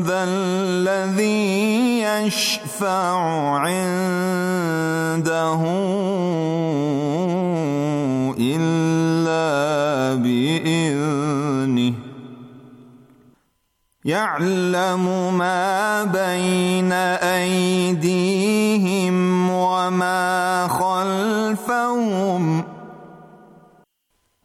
ذا الذي يشفع عنده إلا بإذنه يعلم ما بين أيديهم وما خلفهم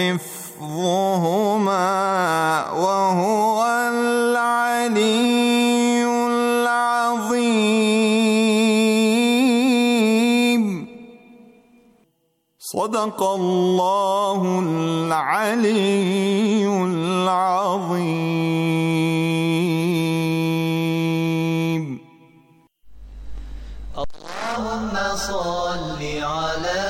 حفظهما وهو العلي العظيم صدق الله العلي العظيم اللهم صل على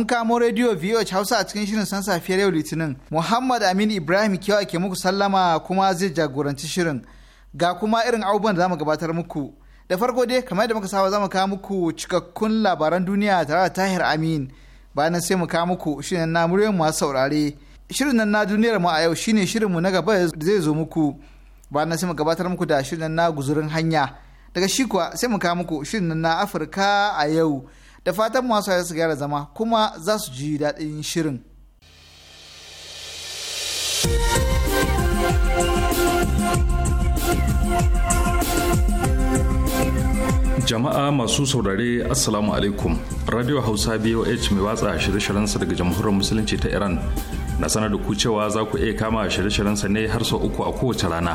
Kun kamo rediyo VOH Hausa a cikin shirin san safiyar yau Litinin. Muhammad Aminu Ibrahim kewa ke muku sallama kuma zai jagoranci shirin. Ga kuma irin abubuwan da mu gabatar muku. Da farko dai kamar yadda muka saba za mu kawo muku cikakkun labaran duniya tare da Tahir Amin. Bayan sai mu kawo muku shirin na muryoyin masu saurare. Shirin nan na duniyar mu a yau shine shirinmu na gaba zai zo muku. Bayan sai mu gabatar muku da shirin na guzurin hanya. Daga shi kuwa sai mu kawo muku shirin na Afirka a yau. da fatan masu su gyara zama kuma za su ji daɗin shirin. jama'a masu saurare assalamu alaikum radio hausa boh mai watsa shirye-shiryensa daga jamhuriyar musulunci ta iran na sanar da ku cewa za ku iya kama shirye sa ne har sau uku a kowace rana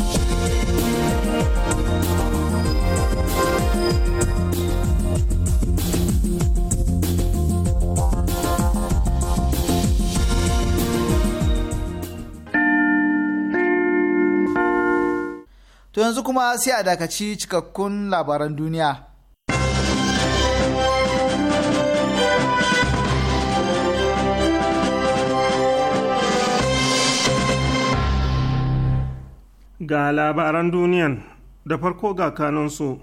To yanzu kuma sai a dakaci cikakkun labaran duniya. Ga labaran duniyan da farko ga kanunsu.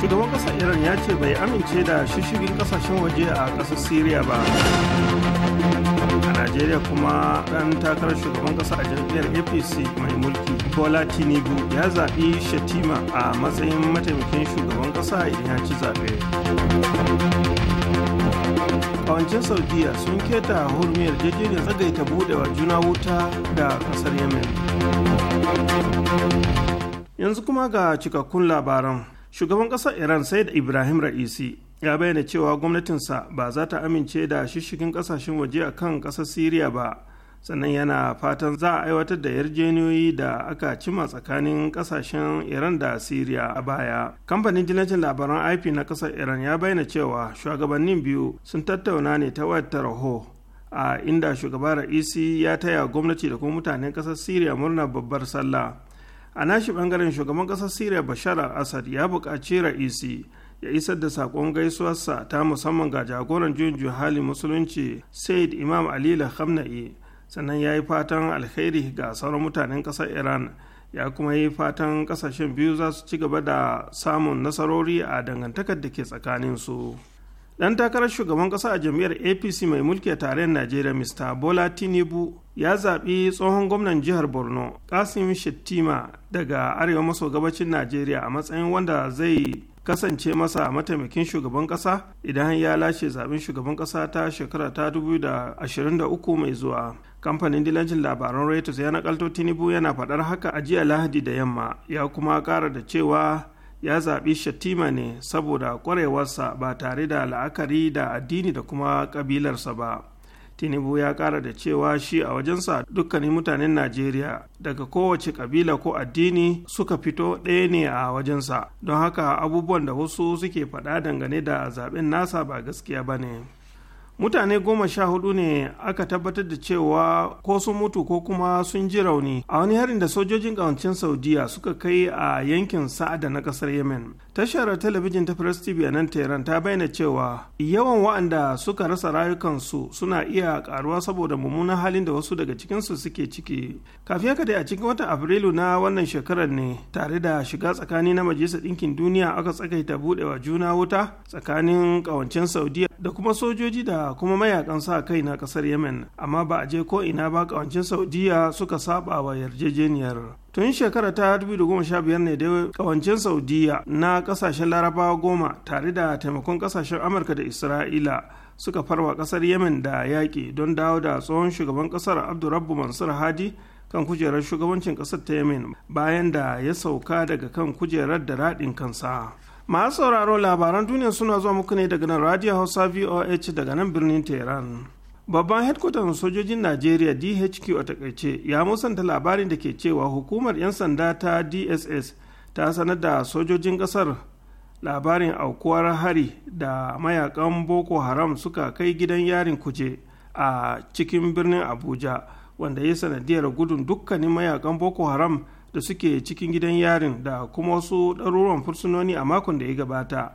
Shugaban ƙasar Iran ya ce bai amince da shishigin ƙasashen waje a ƙasar Siriya ba. najeriya kuma ɗan takarar shugaban ƙasa a jam'iyyar apc mai mulki bola tinubu ya zaɓi shatima a matsayin mataimakin shugaban ƙasa idan ya ci zaɓe kawancin saudiya sun keta hurmiyar jeje da tsagaita budewa juna wuta da ƙasar yemen yanzu kuma ga cikakkun labaran shugaban ƙasar iran sai da ibrahim ra'isi ya bayyana cewa gwamnatinsa ba za ta amince da shishigin kasashen waje a kan ƙasar siriya ba sannan yana fatan za a aiwatar da yarjeniyoyi da aka cima tsakanin kasashen iran da siriya a baya kamfanin jinacin labaran ip na ƙasar iran ya bayyana cewa shugabannin biyu sun tattauna ne ta wayar raho. a inda shugaba ra'isi ya taya gwamnati da kuma mutanen ƙasar siriya murnar babbar sallah a nashi bangaren shugaban ƙasar siriya bashar al-assad ya buƙaci ra'isi ya isar da saƙon gaisuwarsa ta musamman ga jagoran juyin halin musulunci said imam alila khamna'i sannan ya yi fatan alkhairi ga sauran mutanen ƙasar iran ya kuma yi fatan ƙasashen biyu za su ci gaba da samun nasarori a dangantakar da ke tsakanin su. dan takarar shugaban ƙasa a jam'iyyar apc mai mulki a tarayyar najeriya mr bola tinubu ya zaɓi tsohon gwamnan jihar borno kasim shettima daga arewa maso gabacin najeriya a matsayin wanda zai kasance masa a mataimakin shugaban kasa idan ya lashe zaben shugaban kasa ta shekara ta 2023 mai zuwa kamfanin dilancin labaran reuters ya nakalto tinubu yana faɗar haka a jiya lahadi da yamma ya kuma ƙara da cewa ya zaɓi shatima ne saboda kwarewarsa ba tare da la'akari da addini da kuma ƙabilarsa ba tinubu ya kara da cewa shi a wajensa dukkanin mutanen najeriya daga kowace kabila ko addini suka fito ɗaya ne a wajensa don haka abubuwan da wasu suke faɗa dangane da zaben nasa ba gaskiya ba ne mutane goma sha hudu ne aka tabbatar da cewa ko sun mutu ko kuma sun ji rauni a wani harin da sojojin kawancin saudiya suka kai a yankin sa'ada na kasar yemen tashar talabijin ta press tv a nan tehran ta bayyana cewa yawan wa'anda suka rasa rayukansu suna iya karuwa saboda mummunan halin da wasu daga cikinsu suke ciki kafin haka dai a cikin watan afrilu na wannan shekarar ne tare da shiga tsakani na majalisar ɗinkin duniya aka tsakaita buɗewa juna wuta tsakanin kawancin saudiya da kuma sojoji da kuma mayakan sa kai na kasar yemen amma ba a je ko ina ba kawancin saudiya suka saba wa yarjejeniyar tun shekara ta 2015 ne da kawancin saudiya na kasashen larabawa goma tare da taimakon kasashen amurka da isra'ila suka farwa kasar yemen da yaƙi don dawo da tsohon shugaban kasar Abdurrabu mansur hadi kan kujerar shugabancin kasar ta yemen bayan da ya sauka daga kan kujerar da raɗin kansa masu sauraro labaran duniya suna zuwa muku ne daga nan radio hausa voh daga nan birnin tehran babban hedkwatan sojojin najeriya dhq a takaice ya musanta labarin da ke cewa hukumar 'yan sanda ta dss ta sanar da sojojin kasar labarin aukuwar hari da mayakan boko haram suka kai gidan yarin kuje a cikin birnin abuja wanda ya sanadiyar gudun dukkanin mayakan boko haram da suke cikin gidan yarin da kuma wasu ɗaruruwan fursunoni a makon da ya gabata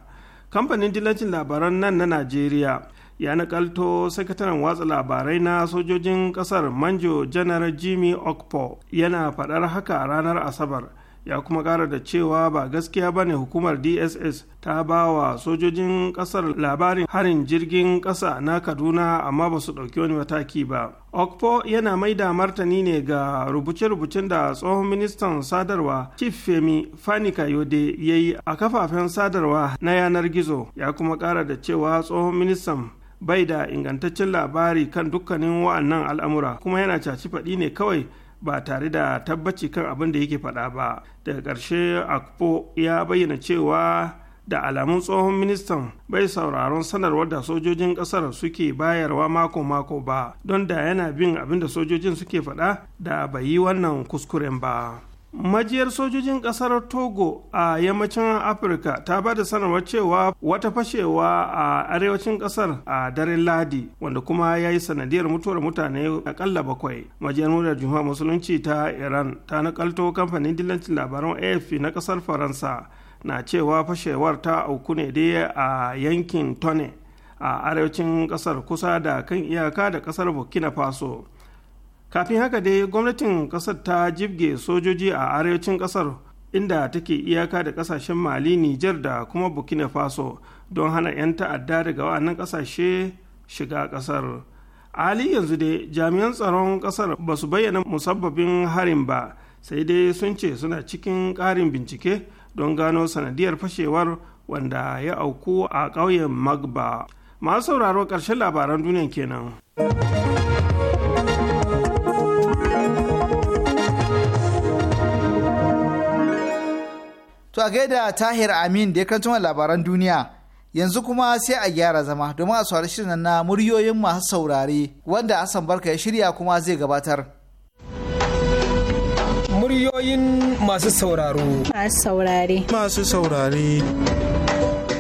kamfanin dillacin labaran nan na najeriya ya nakalto sakataren watsa labarai na sojojin kasar manjo janar jimmy okpo yana faɗar haka ranar asabar ya kuma ƙara da cewa ba gaskiya ba ne hukumar dss ta ba wa sojojin ƙasar labarin harin jirgin ƙasa na kaduna amma ba su ɗauki wani mataki ba okpo yana mai da martani ne ga rubuce-rubucen da tsohon ministan sadarwa chief femi fanika yode ya yi a kafafen sadarwa na yanar gizo ya kuma ƙara da cewa tsohon ministan bai da ingantaccen labari kan dukkanin wa'annan al'amura kuma yana caci faɗi ne kawai ba tare da tabbaci kan abin da yake faɗa ba daga ƙarshe akpo ya bayyana cewa da alamun tsohon ministan bai sauraron sanarwar da sojojin ƙasar suke bayarwa mako-mako ba don da yana bin abin da sojojin suke faɗa da bai yi wannan kuskuren ba. majiyar sojojin kasar togo a yammacin afirka ta ba da sanarwar cewa wata fashewa a arewacin kasar a daren ladi wanda kuma ya yi sanadiyar mutuwar mutane akalla bakwai majiyar murar juma musulunci ta iran ta nakalto kamfanin dillancin labaran afp na kasar faransa na cewa fashewar ta auku ne dai a yankin tone a arewacin kasar kusa da kan iyaka da kasar burkina faso kafin haka dai gwamnatin kasar ta jibge sojoji a arewacin kasar inda take iyaka da kasashen mali nijar da kuma burkina faso don hana 'yan ta'adda daga wa'annan kasashe shiga kasar ali yanzu dai jami'an tsaron kasar ba su bayyana musabbabin harin ba sai dai sun ce suna cikin ƙarin bincike don gano sanadiyar fashewar wanda ya auku a ƙauyen magba masu sauraro ƙarshen labaran duniya kenan. To a gaida Tahir Amin da ya karanto labaran duniya. Yanzu kuma sai a gyara zama domin a saurari shirin na muryoyin masu saurare wanda Hassan Barka ya shirya kuma zai gabatar. Muryoyin masu sauraro. Masu saurare. Masu saurare.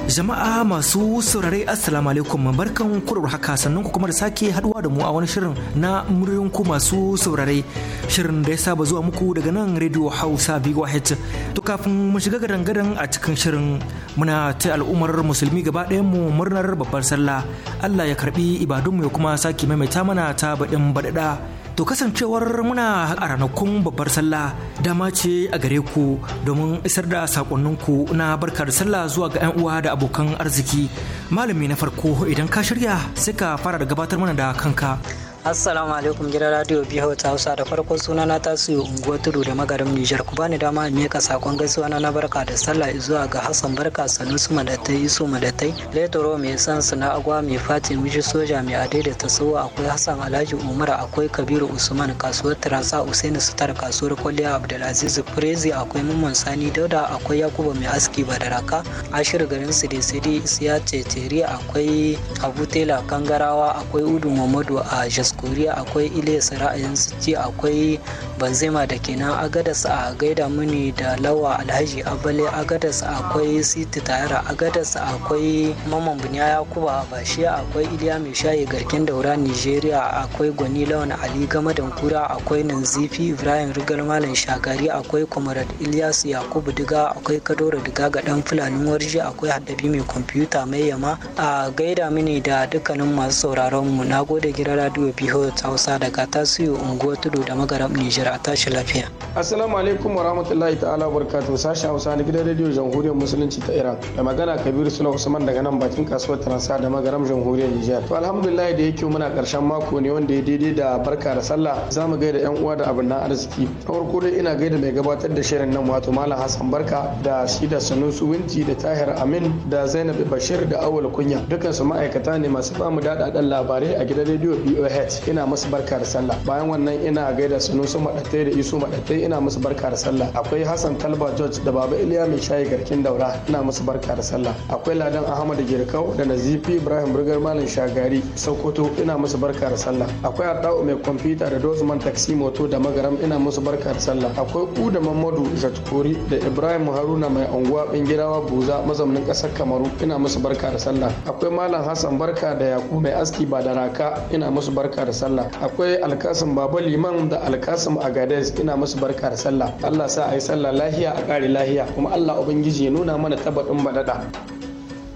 Jama'a masu saurare Assalamu alaikum barkan kurar haka sannan ku kuma da sake haduwa da mu a wani shirin na muryoyin masu saurare shirin da ya saba zuwa muku daga nan Radio Hausa VOH to kafin mu shiga gadan gadan a cikin shirin muna ta al'ummar musulmi gaba ɗayan mu murnar babbar sallah Allah ya karbi ibadunmu ya kuma sake maimaita mana ta baɗin baɗaɗa To kasancewar muna a ranakun babbar sallah dama ce a gare ku domin isar da sakonninku na barkar sallah zuwa ga 'yan uwa da abokan arziki. Malami na farko idan ka shirya sai ka fara da gabatar mana da kanka. Assalamu alaikum gidan radio biyu ta Hausa da farko suna na tasiri unguwa tudu da magarin Nijar ku bani dama in miƙa sakon gaisuwa na na barka da sallah zuwa ga Hassan Barka Sanusi Madatai Isu Madatai Letoro mai san na agwa mai fati miji soja mai adai da tasowa akwai Hassan Alhaji Umar akwai Kabiru Usman kasuwar Tarasa Usaini Sitar kasuwar Kwalliya Abdulaziz Prezi akwai Mamman Sani Dauda akwai Yakubu mai aski Badaraka Ashir garin Sidi Sidi Isiya Ceceri akwai Abu Tela Kangarawa akwai Udu Mamadu a South akwai Ilyas ra'ayin suci akwai Banzema da kenan Agadas a gaida mini da Lawa Alhaji Abale Agadas akwai Siti Tayara Agadas akwai Maman Bunya Yakuba Bashi akwai Iliya Mai Shayi Garkin Daura Nigeria akwai Gwani Lawan Ali Gamadan Kura akwai Nanzifi Ibrahim Rigar Malam Shagari akwai Comrade Ilyas Yakubu Diga akwai Kadoro Diga ga dan Fulani Warji akwai Haddabi Mai Kwamfuta Mai Yama a gaida mini da dukkanin masu sauraron mu na gode gidan radio biyu hausa daga tasiri unguwar tudu da magarab nijar a tashi lafiya assalamu alaikum wa rahmatullahi ta'ala barkatu sashen hausa na gidan rediyo jamhuriyar musulunci ta iran da magana kabiru suna usman daga nan bakin kasuwar transa da magarab jamhuriyar nijar to alhamdulillah da yake muna karshen mako ne wanda ya daidai da barka da sallah za mu gaida yan uwa da abin na arziki na farko dai ina gaida mai gabatar da shirin nan wato malam hassan barka da shi da sanusu winti da tahir amin da zainab bashir da awal kunya dukansu ma'aikata ne masu bamu daɗaɗɗen labarai a gidan rediyo boh Muhammad ina musu barka da sallah bayan wannan ina gaida Sunusu Madatai da Isu Madatai ina musu barka da sallah akwai Hassan Talba George da Baba Iliya mai shayi garkin daura ina musu barka da sallah akwai Ladan Ahmad Girkau da Nazifi Ibrahim Burgar Malam Shagari Sokoto ina musu barka da sallah akwai Adau mai kwamfuta da Dozman Taxi Moto da Magaram ina musu barka da sallah akwai Uda Mamadu zatkuri da Ibrahim Haruna mai unguwa Bingirawa Buza mazaunin ƙasar Kamaru ina musu barka da sallah akwai Malam Hassan barka da Yakubu mai aski ba da raka ina musu barka barka sallah akwai alkasim baba liman da alkasim agades ina musu barka da sallah allah sa a yi sallah lahiya a kare lahiya kuma allah ubangiji ya nuna mana tabbatin madada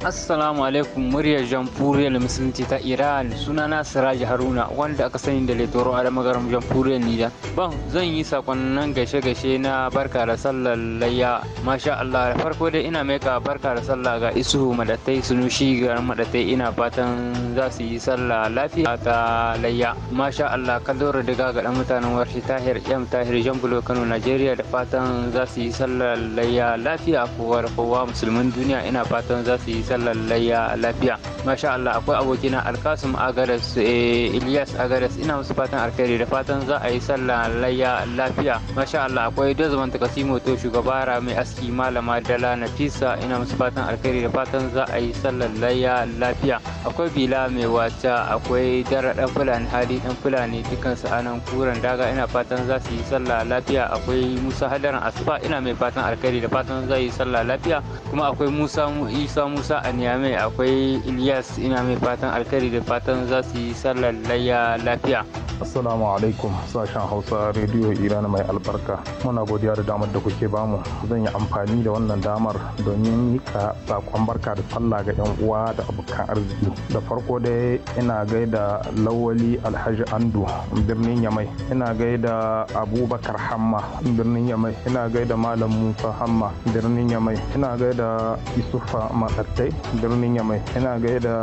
Assalamu alaikum muryar jamhuriyar musulunci ta Iran sunana Siraji Haruna wanda aka sani da Letoro Adamagaram jamhuriyar Nijar. Ban zan yi sakonnin gaishe-gaishe na barka da sallar layya masha Allah da farko dai ina mai ka barka da sallah ga isu madatai sunushi ga madatai ina fatan za su yi sallah lafiya ta layya masha Allah kallon daga ga dan mutanen warshi Tahir Yam Tahir Jambulo Kano Najeriya da fatan za su yi sallar layya lafiya kowa da kowa musulmin duniya ina fatan za su yi sallar lallaya lafiya masha Allah akwai abokina Alkasum Agares eh, Ilyas Agares ina musu fatan alkhairi da fatan za a yi sallar lallaya lafiya masha Allah akwai Dozman Takasimo to shugaba Rami Aski malama Dala Nafisa ina musu fatan alkhairi da fatan za a yi sallar lallaya lafiya akwai Bila mai wata akwai Dara dan Fulani Hali dan Fulani dukkan su anan kuran daga ina fatan za su yi sallah lafiya akwai Musa Hadaran Asfa ina mai fatan alkhairi da fatan za yi sallah lafiya kuma akwai Musa Isa Musa a Niamey akwai Ilyas ina mai fatan alkhairi da fatan za su yi sallar layya lafiya. assalamu alaikum sashen hausa rediyo iran mai albarka muna godiya da damar da kuke bamu zan yi amfani da wannan damar domin ka sakon barka da sallah ga yan uwa da abokan arziki da farko dai ina gaida lawali alhaji andu birnin yamai ina gaida abubakar hamma birnin yamai ina gaida malam musa hamma birnin yamai ina gaida isufa matsattai birnin yamai ina gaida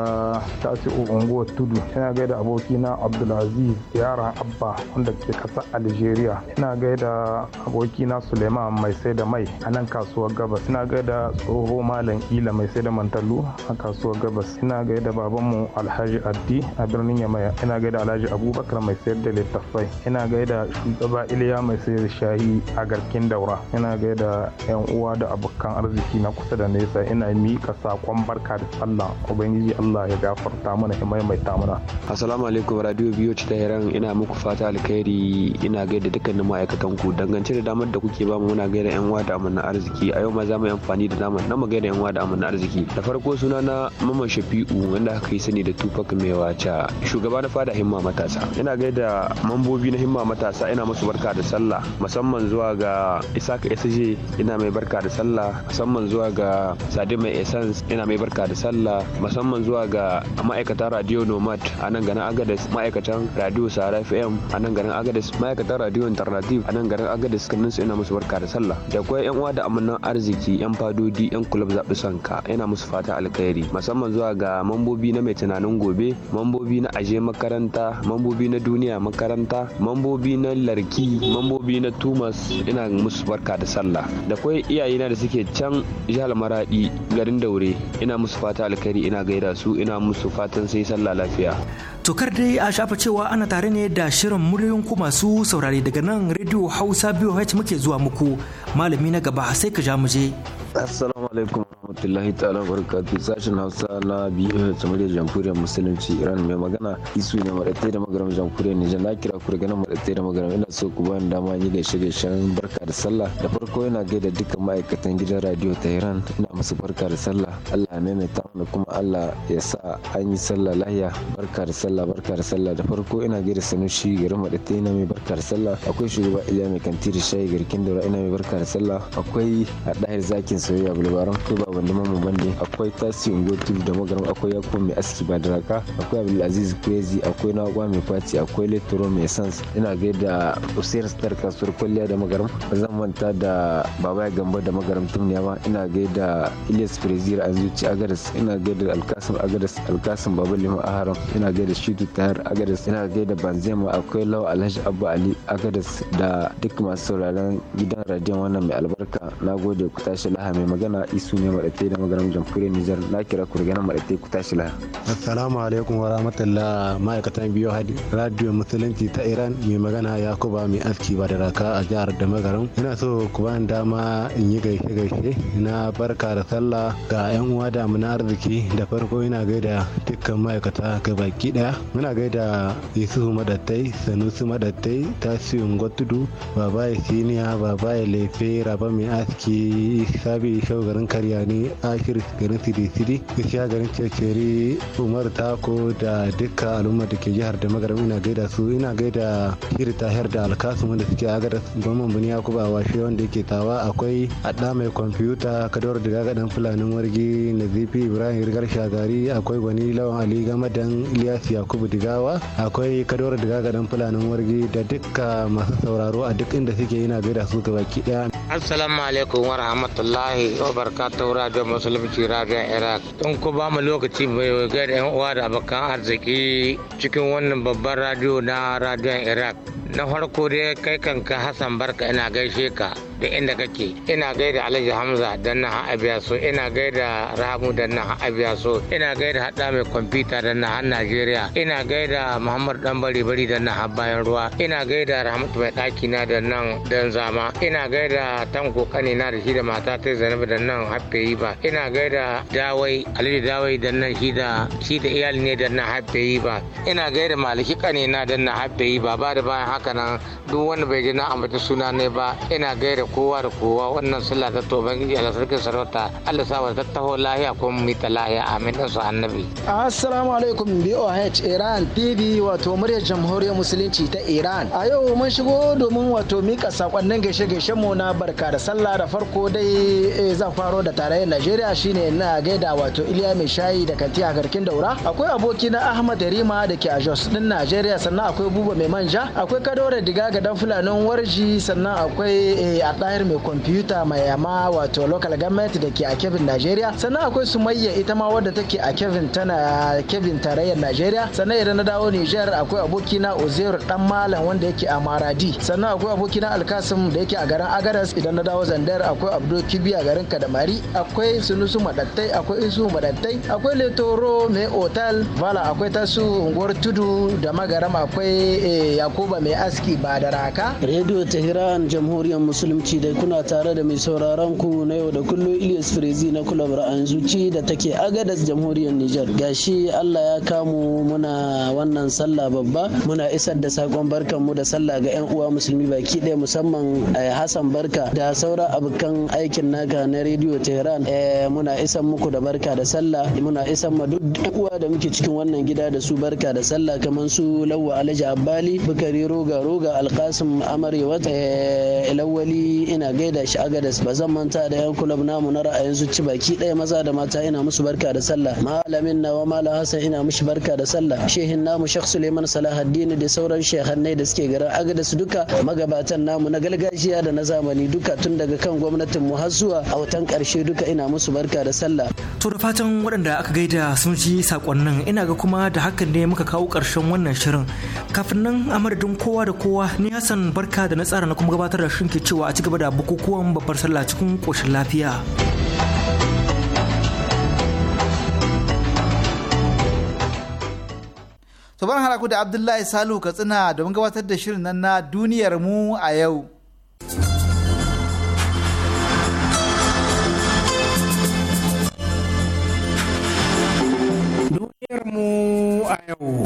tasi'u unguwar tudu ina gaida abokina abdulaziz ya Jara Abba wanda ke kasar Algeria. Ina gaida abokina Suleiman mai sai da mai a nan kasuwar Gabas. Ina gaida tsoho Malam Ila mai sai da mantallu a kasuwar Gabas. Ina gaida babanmu Alhaji Addi a birnin Yamaya. Ina gaida Alhaji Abubakar mai sayar da littattafai. Ina gaida shugaba Iliya mai sayar da shayi a garkin Daura. Ina gaida 'yan uwa da abokan arziki na kusa da nesa. Ina miƙa sakon barka da sallah. Ubangiji Allah ya gafarta mana ya maimaita mana. Assalamu alaikum radio biyu ta Iran ina muku fata alkhairi ina gaida dukkanin ma'aikatan ku dangance da damar da kuke ba bamu muna gaida yan uwa da amanan arziki a yau ma za mu yi amfani da damar na mu gaida yan uwa da amanan arziki da farko suna na mama shafi'u wanda aka yi sani da tupac mai wacha shugaba na fada himma matasa ina gaida mambobi na himma matasa ina musu barka da sallah musamman zuwa ga isaka sj ina mai barka da sallah musamman zuwa ga sadi mai essence ina mai barka da sallah musamman zuwa ga ma'aikatan radio nomad a nan ganin agadas ma'aikatan radio sa saurara fm a nan garin agadis ma'aikatar radio alternative a nan garin agadis kanin su ina musu barka da sallah da kuma yan uwa da amannan arziki yan fadodi yan kulub zabi sanka ina musu fata alkhairi musamman zuwa ga mambobi na mai tunanin gobe mambobi na aje makaranta mambobi na duniya makaranta mambobi na larki mambobi na tumas ina musu barka da sallah da iyaye iyayena da suke can jihar maradi garin daure ina musu fata alkhairi ina gaida su ina musu fatan sai sallah lafiya kar dai a shafa cewa ana tare ne da shirin muryoyin ku masu saurare daga nan Radio Hausa BOH muke zuwa muku malami na gaba sai ka ja mu Assalamu alaikum rahmatullahi ta'ala barkatu sashen hausa na biyu jamhuriyar jamhuriyar musulunci iran mai magana isu ne maɗatai da magaram jamhuriyar nijar na kira ku ganin nan maɗatai da magaram ina so ku bani dama yi gaishe gaishen barka da sallah da farko yana gaida dukkan ma'aikatan gidan radio ta iran ina musu barka da sallah allah ya maimaita mana kuma allah ya sa an yi sallah lahiya barka da sallah barka da sallah da farko ina gaida sanushi garin maɗatai na mai barka da sallah akwai shugaba iliya mai kantiri shayi garkin da ina mai barka da sallah akwai a ɗahir zakin soyayya bulbaran ba shugaban mamu bande akwai tasi ungotu da magaram akwai yako mai aski ba raka akwai abdulaziz kwezi akwai kwa mai faci akwai letoro mai sans ina da usair star kasuwar kwalliya da magaram zan manta da baba ya gamba da magaram tumniya ba ina da ilyas prezir a zuci agadas ina da alkasim agadas alkasim baba lima aharam ina da shitu tahar agadas ina gaida banzema akwai lawa alhaji abu ali agadas da duk masu sauraron gidan radiyon wannan mai albarka na gode ku tashi lahami magana isu ne mai maɗaite da magaram jamhuriyar Nijar na kira ku daga nan ku tashi lahiya. Assalamu alaikum wa rahmatullah ma'aikatan biyu hadi radio musulunci ta Iran mai magana Yakuba mai aski ba da raka a jihar da magaran Ina so ku ba dama in yi gaishe gaishe na barka da sallah ga yan uwa da arziki da farko ina gaida dukkan ma'aikata ga baki ɗaya. Muna gaida Yusufu Madattai, Sanusi Madattai, Tasiyun Gwatudu, Babaye Siniya, Babaye Lefe, Raba mai aski, Sabi Shau garin Karyani, garin akir garin tide-tide gaskiya garin cecere umar tako da dukkan al'umma da ke jihar da magaram ina gaida su ina gaida shiri tahir da alkasum wanda suke agadar bamban bani yakuba washe wanda yake tawa akwai adda mai kwamfuta kadawar da gagadan fulanin wargi nazifi ibrahim rigar shagari akwai gwani lawan ali gamadan ilyas yakubu digawa akwai kadawar da gagadan fulanin wargi da dukka masu sauraro a duk inda suke yana gaida su gabaki daya assalamu alaikum wa rahmatullahi wa barakatuhu da musulunci rajin iraq don ku ba mu lokaci bai ga yan uwa da abokan arziki cikin wannan babban radio na rajin iraq na farko dai kai kanka hassan barka ina gaishe ka da inda kake ina gaida alhaji hamza dan na abiya so ina gaida rahamu dan na abiya so ina gaida hada mai kwamfuta dan na najeriya ina gaida muhammad dan bari bari dan na bayan ruwa ina gaida rahmatu mai daki na dan nan dan zama ina gaida tanko kani na da shi da mata ta zanabi dan nan haffe yi ba ina gaida dawai alhaji dawai dan nan shi da shi da iyali ne dan na haffe yi ba ina gaida maliki kani na dan na haffe yi ba ba da bayan haka nan duk wanda bai ji na ambaci suna ne ba ina gaida kowa da kowa wannan sallah ta to ubangiji sarkin sarauta Allah sa wa tattaho lahiya ko mu ta lahiya amin dan su annabi assalamu alaikum BOH Iran TV wato muryar jamhuriyar musulunci ta Iran a yau mun shigo domin wato mika sakonnin gaishe gaishe mu na barka da sallah da farko dai eh, zan faro da tarayyar Najeriya shine na gaida wato Iliya mai shayi da kanti a garkin daura akwai aboki na Ahmad Rima da ke a Jos din Najeriya sannan akwai Buba mai manja akwai Kadore Diga ga dan Fulanin Warji sannan akwai a eh, ɗayar mai kwamfuta mai yama wato local government da ke a kevin najeriya sannan akwai sumayya ita ma wadda take a kebin tana kebin tarayyar najeriya sannan idan na dawo nijar akwai abokina ozer dan malam wanda yake a maradi sannan akwai abokina alkasim da yake a garin agaras idan na dawo zandar akwai abdul kibi a garin kadamari akwai sunusu madattai akwai isu madattai akwai letoro mai otal vala akwai tasu unguwar tudu da magaram akwai eh, yakuba mai aski ba da raka radio tehran jamhuriyar musulunci musulunci dai kuna tare da mai sauraron ku na yau da kullum Ilyas Frezi na kulabar Anzuci da take Agadas Jamhuriyar Nijar. Gashi Allah ya kamu muna wannan sallah babba muna isar da sakon barkan mu da sallah ga 'yan uwa musulmi baki ɗaya musamman eh, Hassan Barka da sauran abokan aikin naka na rediyo Tehran eh, muna isan muku da barka da sallah muna isan ma duk uwa da muke cikin wannan gida da su barka da sallah kamar su Lawwa Alhaji Abbali Bukari Roga Roga Alkasim Amarewa ta Ilawali eh, ina gaida shi agadas ba zan manta da yan kulab namu na ra'ayin zuci baki ɗaya maza da mata ina musu barka da sallah malamin nawa malam hasan ina mushi barka da sallah shehin namu shekh suleiman salahaddini da sauran shehannai da suke garin agadas duka magabatan namu na gargajiya da na zamani duka tun daga kan gwamnatin mu har zuwa autan karshe duka ina musu barka da sallah to da fatan waɗanda aka gaida sun ji sakonnin ina ga kuma da hakan ne muka kawo ƙarshen wannan shirin kafin nan a madadin kowa da kowa ni hasan barka da na tsara na kuma gabatar da shirin ke cewa a cikin gaba da bukukuwan babbar sallah cikin ƙoshin lafiya. Sabar haraku da Abdullahi Salu Katsina domin gabatar da shirin nan na duniyar mu a yau. Duniyar mu a yau.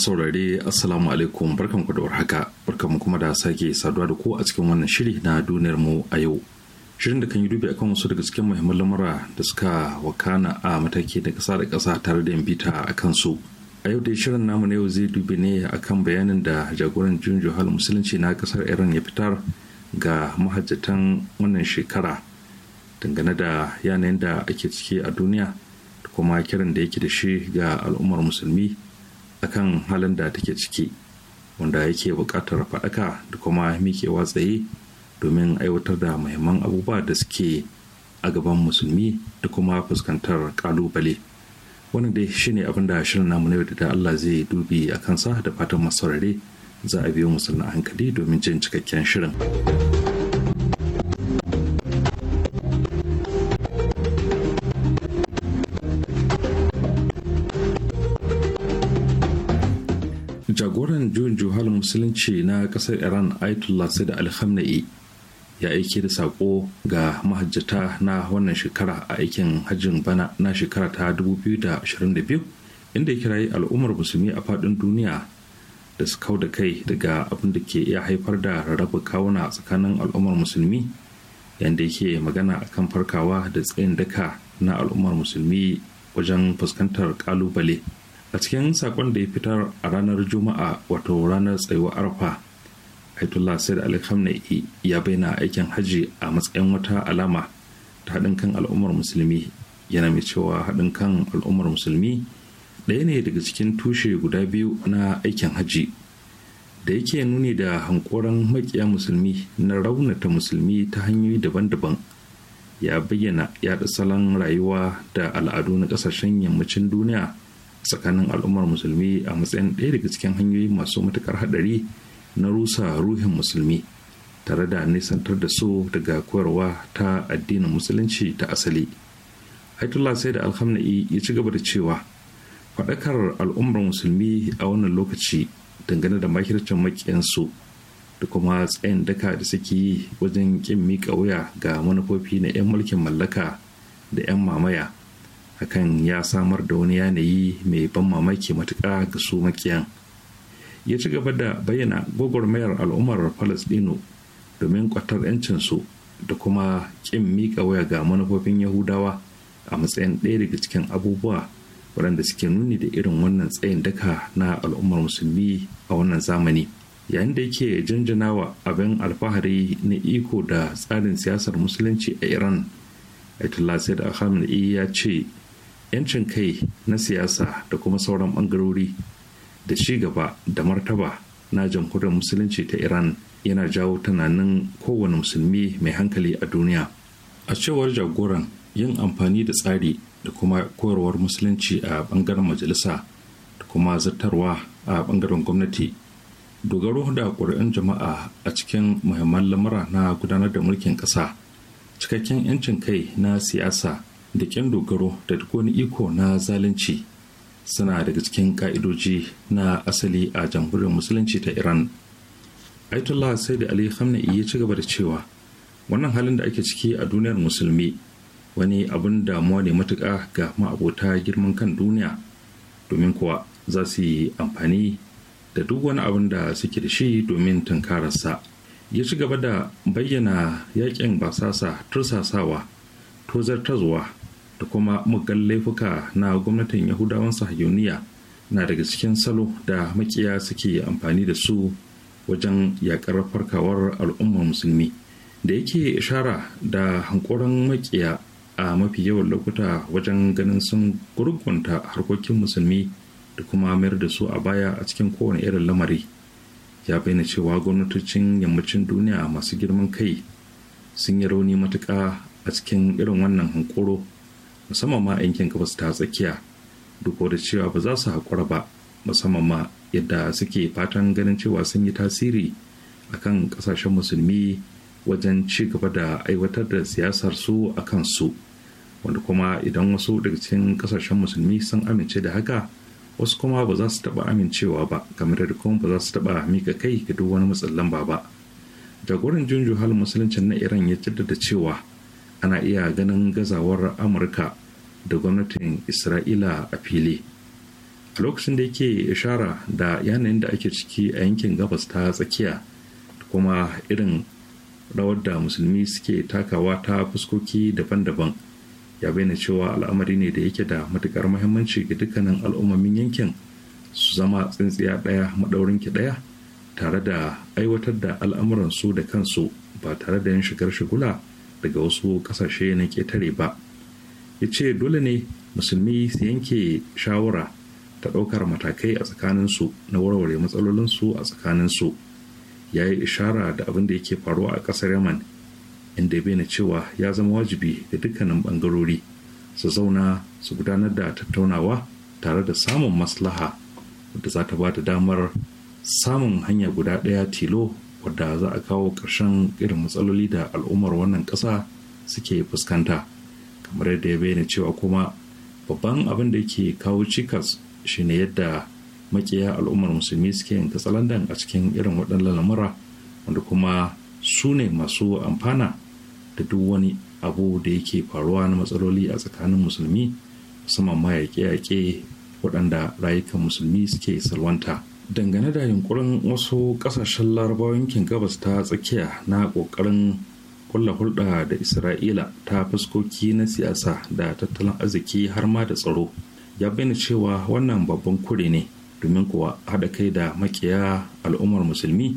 masu saurare assalamu alaikum barkanku da warhaka barkanmu kuma da sake saduwa da ku a cikin wannan shiri na duniyar mu a yau shirin da kan yi dubi akan wasu daga cikin muhimman lamura da suka wakana a mataki da kasa da kasa tare da bita a kansu a yau dai shirin namu na yau zai dubi ne akan bayanin da jagoran junjo juhal musulunci na ƙasar iran ya fitar ga mahajjatan wannan shekara dangane da yanayin da ake ciki a duniya da kuma kiran da yake da shi ga al'ummar musulmi akan halin da take ciki wanda yake bukatar faɗaka da kuma miƙewa tsaye domin aiwatar da muhimman abubuwa da suke a gaban musulmi da kuma fuskantar ƙalubale wannan dai shine abin da shirin namu na da Allah zai dubi a kansa da fatan masaurare za a biyo musulmi hankali domin jin cikakken shirin. musulunci na kasar iran ayatollah da al ya aike da sako ga mahajjata na wannan shekara a aikin hajjin bana na shekara ta 2022 inda ya kirayi al'ummar musulmi a faɗin duniya da su kau da kai daga abin da ke iya haifar da rarraba kawuna tsakanin al'ummar musulmi yadda yake magana akan farkawa da tsayin daka na al'ummar musulmi wajen fuskantar kalubale. a cikin sakon da ya fitar a ranar juma'a wato ranar tsayuwar arfa aitullah said alhamdulillah ya bayyana aikin hajji a matsayin wata alama ta haɗin kan al'ummar musulmi yana mai cewa haɗin kan al'ummar musulmi ɗaya ne daga cikin tushe guda biyu na aikin hajji da yake nuni da hankoran makiya musulmi na raunata musulmi ta hanyoyi daban-daban ya bayyana yaɗa salon rayuwa da al'adu na ƙasashen yammacin duniya tsakanin al'ummar musulmi a matsayin ɗaya daga cikin hanyoyi masu matuƙar haɗari na rusa ruhin musulmi tare da nisantar da su daga koyarwa ta addinin musulunci ta asali haitullah sai da alhamna'i ya ci gaba da cewa faɗakar al'ummar musulmi a wannan lokaci dangane da makircin makiyansu da kuma tsayin daka da suke yi wajen ƙin miƙa wuya ga manufofi na 'yan mulkin mallaka da 'yan mamaya hakan ya samar da wani yanayi mai ban mamaki matuka ga su makiyan ya ci gaba da bayyana gwagwarmayar al'ummar palestino domin kwatar 'yancinsu da kuma ƙin miƙa waya ga manufofin yahudawa a matsayin ɗaya daga cikin abubuwa waɗanda suke nuni da irin wannan tsayin daka na al'ummar musulmi a wannan zamani yayin da yake janjanawa abin alfahari na iko da tsarin siyasar musulunci a iran ayatollah said khamenei ya ce 'yancin kai na siyasa da kuma sauran ɓangarori da shi gaba da martaba na jamhuriyar musulunci ta iran yana jawo tunanin kowane musulmi mai hankali a duniya a cewar jagoran yin amfani da tsari da kuma koyarwar musulunci a ɓangaren majalisa da kuma zartarwa a bangaren gwamnati dogaro da ƙuri'un jama'a a cikin muhimman lamura na gudanar da mulkin ƙasa cikakken 'yancin kai na siyasa da ƙin dogaro da duk wani iko na zalunci suna daga cikin ƙa'idoji na asali a jamhuriyar musulunci ta iran aitullah sai da ali khamenei ya ci gaba da cewa wannan halin da ake ciki a duniyar musulmi wani abin damuwa ne matuƙa ga ma'abota girman kan duniya domin kuwa za su yi amfani da duk wani abin da suke da shi domin tunkararsa ya ci gaba da bayyana yakin basasa tursasawa tozartarwa da kuma muggan laifuka na gwamnatin yahudawan sahayuniya na daga cikin salo da makiya suke amfani da su wajen yakar farkawar al'ummar musulmi da yake ishara da hankoran makiya a mafi yawan lokuta wajen ganin sun gurgunta harkokin musulmi da kuma mayar da su a baya a cikin kowane irin lamari ya bayyana cewa gwamnatocin yammacin duniya masu girman kai sun yi rauni matuƙa a cikin irin wannan hankoro musamman ma yankin gabas ta tsakiya duk da cewa ba za su haƙura ba musamman ma yadda suke fatan ganin cewa sun yi tasiri a kan ƙasashen musulmi wajen ci gaba da aiwatar da siyasar su a kan su wanda kuma idan wasu daga cikin ƙasashen musulmi sun amince da haka wasu kuma ba za su taɓa amincewa ba game da kuma ba za su taɓa mika kai ga duk wani matsin lamba ba jagoran junju halin musuluncin na iran ya jaddada cewa ana iya ganin gazawar amurka da gwamnatin isra'ila a fili a lokacin da yake ishara da yanayin da ake ciki a yankin gabas ta tsakiya kuma irin rawar da musulmi suke takawa ta fuskoki daban-daban ya bayyana cewa al'amari ne da yake da matukar muhimmanci ga dukkanin al'ummomin yankin su zama tsintsiya ɗaya maɗaurin ɗaya tare da aiwatar da al'amuransu da kansu ba tare da yin shigar shigula daga wasu ƙasashe na ƙetare ba. ya ce dole ne musulmi su yanke shawara ta ɗaukar matakai a tsakaninsu na warware matsalolinsu a tsakaninsu ya yi ishara da abin da yake faruwa a ƙasar yaman inda ya bayyana cewa ya zama wajibi ga dukkanin ɓangarori su zauna su gudanar da tattaunawa tare da samun maslaha wadda za ta ba da damar samun hanya guda ɗaya tilo wadda za a kawo ƙarshen irin matsaloli da al'ummar wannan ƙasa suke fuskanta. kamar yadda ya bayyana cewa kuma babban abin da ke kawo cikas shine yadda makiya al'ummar musulmi suke yin katsalandan a cikin irin waɗannan lamura wanda kuma su ne masu amfana da duk wani abu da yake faruwa na matsaloli a tsakanin musulmi musamman ma yaƙe-yaƙe waɗanda rayukan musulmi suke salwanta dangane da yunkurin wasu ƙasashen larabawa yankin gabas ta tsakiya na ƙoƙarin kulla hulɗa da isra'ila ta fuskoki na siyasa da tattalin arziki har ma da tsaro ya bayyana cewa wannan babban kure ne domin kuwa haɗa kai da makiya al'ummar musulmi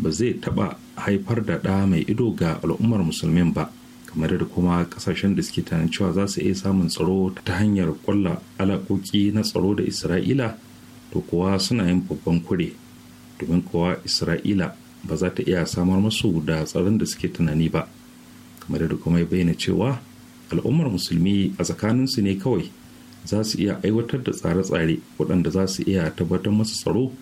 ba zai taɓa haifar da ɗa mai ido ga al'ummar musulmin ba kamar da kuma ƙasashen da suke tunanin cewa za su iya samun tsaro ta hanyar kulla alaƙoƙi na tsaro da isra'ila to kuwa suna yin babban kure domin kuwa isra'ila ba za ta iya samar masu da tsaron da suke tunani ba kamar da kuma ya bayyana cewa al'ummar musulmi a tsakaninsu ne kawai za su iya aiwatar da tsare-tsare waɗanda za su iya tabbatar masu tsaro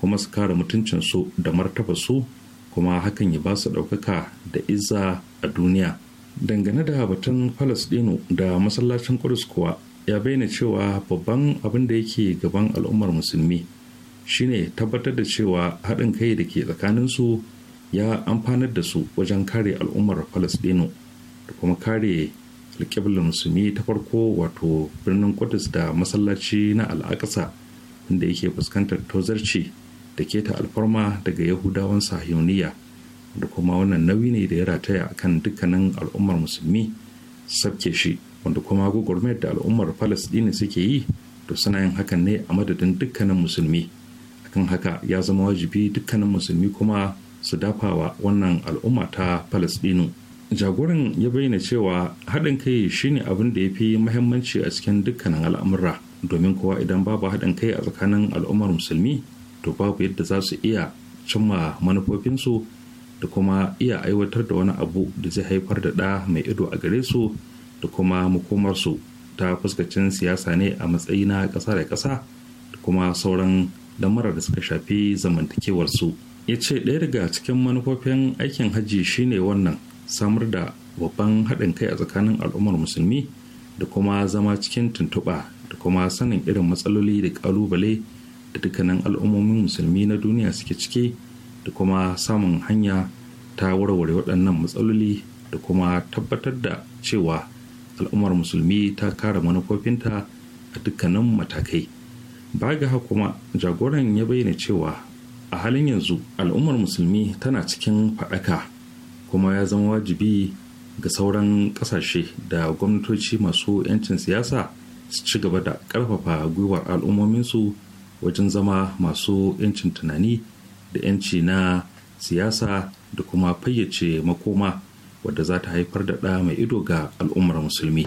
kuma su kare mutuncinsu da martabarsu kuma hakan ya ba su ɗaukaka da izza a duniya dangane da batun falasɗinu da masallacin kudus kuwa ya bayyana cewa babban abin da yake gaban al'ummar musulmi shine tabbatar da cewa haɗin kai da ke tsakanin su ya amfanar da su wajen kare al'ummar falastino da kuma kare alƙiblar musulmi ta farko wato birnin kudus da masallaci na al'aƙasa inda yake fuskantar tozarci da keta alfarma daga yahudawan sahiyoniya da kuma wannan nauyi ne da ya rataya kan dukkanin al'ummar musulmi sabke shi wanda kuma gwagwarmayar da al'ummar falastini suke yi to suna yin hakan ne a madadin dukkanin musulmi kan haka ya zama wajibi dukkanin musulmi kuma su dafa wa wannan al'umma ta palestino jagoran ya bayyana cewa haɗin kai shine abin da ya fi mahimmanci a cikin dukkanin al'amura domin kowa idan babu haɗin kai a tsakanin al'ummar musulmi to babu yadda za su iya cimma manufofinsu da kuma iya aiwatar da wani abu da zai haifar da ɗa mai ido a gare su da kuma mukumarsu ta fuskacin siyasa ne a matsayi na ƙasa da ƙasa da kuma sauran mara da suka shafi zamantakewarsu ya ce ɗaya daga cikin manufofin aikin hajji shine wannan samar da babban haɗin kai a tsakanin al'ummar musulmi da kuma zama cikin tuntuɓa da kuma sanin irin matsaloli da ƙalubale da dukkanin al'ummomin musulmi na duniya suke ciki da kuma samun hanya ta warware waɗannan matsaloli da kuma tabbatar da cewa al'ummar musulmi ta kare manufofinta a dukkanin matakai baga kuma jagoran ya bayyana cewa a halin yanzu al'ummar musulmi tana cikin faɗaka kuma ya zama wajibi ga sauran ƙasashe da gwamnatoci masu 'yancin siyasa su ci gaba da ƙarfafa gwiwar al'ummominsu wajen zama masu 'yancin tunani da 'yanci na siyasa da kuma fayyace makoma wadda za ta haifar da ɗa mai ido ga al'ummar musulmi.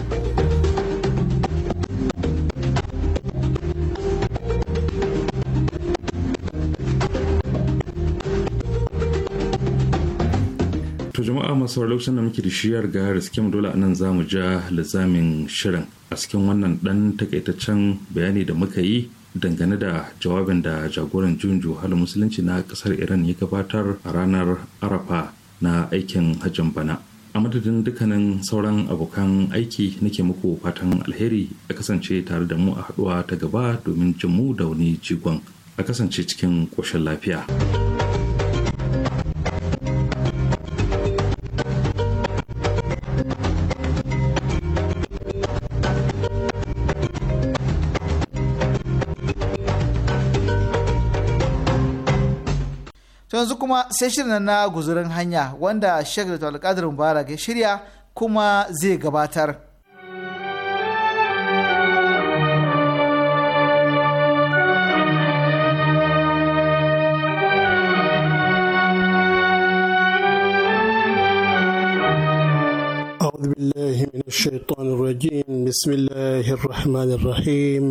jama'a masu lokacin da muke da shiyar ga riskim dole nan za mu ja lizamin shirin a cikin wannan dan takaitaccen bayani da muka yi dangane da jawabin da jagoran junju juhal musulunci na kasar iran ya gabatar a ranar arafa na aikin hajjin bana a madadin dukkanin sauran abokan aiki nake muku fatan alheri a kasance tare da mu a haduwa ta gaba domin jin mu da wani jigon a kasance cikin koshin lafiya. yanzu kuma sai shirin na guzurin hanya wanda shagir da alƙadar mubarak ya shirya kuma zai gabatar. أعوذ بالله من الشيطان الرجيم بسم الله الرحمن الرحيم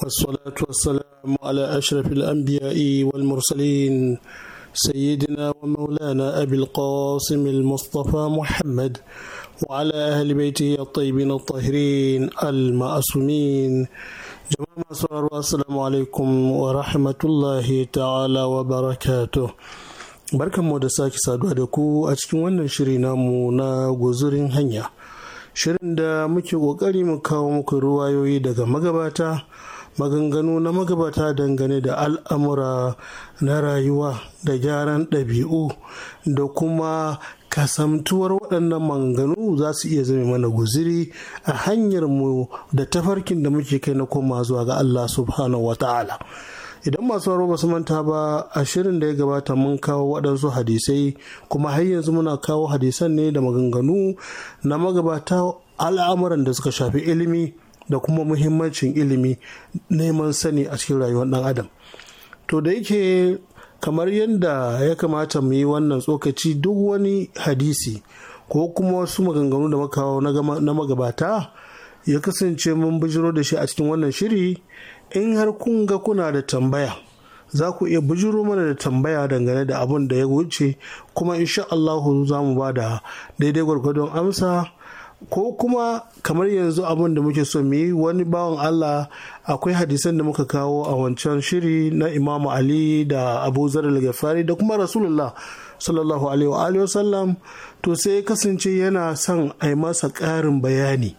والصلاة والسلام على أشرف الأنبياء والمرسلين سيدنا ومولانا أبي القاسم المصطفى محمد وعلى أهل بيته الطيبين الطاهرين المعصومين جماعة صار السلام عليكم ورحمة الله تعالى وبركاته barkanmu da sake saduwa da ku a cikin wannan shiri namu na guzurin hanya shirin da muke kokari mu kawo muku ruwayoyi daga magabata maganganu na magabata dangane da al'amura na rayuwa da gyaran ɗabi'u da kuma kasamtuwar waɗannan maganganu za su iya zama mana guziri a hanyar mu da tafarkin da muke kai na koma zuwa ga Allah subhanahu wa ta'ala. idan masu sauraro ba su manta ba a shirin da ya gabata mun kawo waɗansu hadisai kuma har yanzu muna kawo hadisan ne da maganganu na magabata al'amuran da suka shafi ilimi da kuma muhimmancin ilimi neman sani a cikin rayuwar ɗan adam to da yake kamar yadda ya kamata mu yi wannan tsokaci duk wani hadisi ko kuma wasu maganganu da makawo na magabata ya kasance mun bijiro da shi a cikin wannan shiri in har kun ga kuna da tambaya za ku iya bijiro mana da tambaya dangane da abin da ya wuce kuma insha Allahu za mu ba da daidai gwargwadon amsa ko kuma kamar yanzu abin da muke so mu yi wani bawan Allah akwai hadisan da muka kawo a wancan shiri na Imam Ali da Abu Zar al-Ghafari da kuma Rasulullah sallallahu alaihi wa alihi to sai kasance yana son a yi masa ƙarin bayani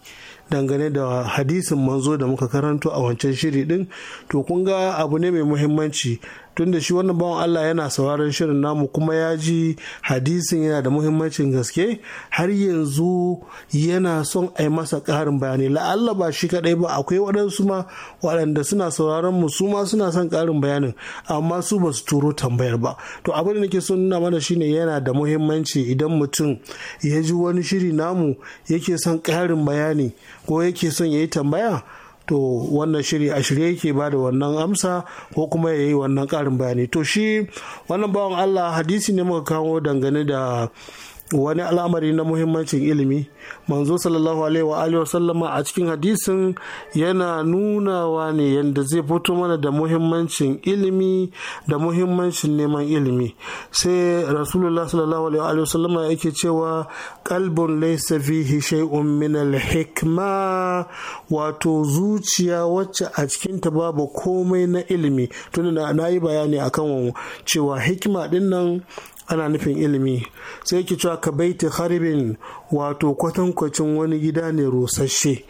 dangane da hadisin manzo da muka karanto a wancan shiri din to kun ga abu ne mai muhimmanci tunda shi wannan bawan Allah yana sauraron shirin namu kuma ya ji hadisin yana da muhimmancin gaske har yanzu yana son a yi masa ƙarin bayani la'alla ba shi kadai ba akwai waɗansu ma waɗanda suna sauraron mu su ma suna son ƙarin bayanin amma su basu su turo tambayar ba to abin da nake son nuna mana shine yana da muhimmanci idan mutum ya ji wani shiri namu yake son ƙarin bayani ko yake son ya yi tambaya to wannan shiri a shirye yake ba da wannan amsa ko kuma ya yi wannan karin bayani to shi wannan bawan allah hadisi ne muka kawo dangane da wani al'amari na muhimmancin ilimi manzo sallallahu alaihi wa alihi wasallama a cikin hadisin yana nunawa ne yadda zai fito mana da muhimmancin ilimi da muhimmancin neman ilimi sai rasulullah sallallahu alaihi wa alihi wasallama yake cewa kalbun laysa fihi shay'un min al-hikma wato zuciya wacce a cikin ta babu komai na ilimi tunda na yi bayani akan cewa hikima din ana nufin ilimi sai ki cewa ka baiti harbin wato kwatankwacin wani gida ne rusasshe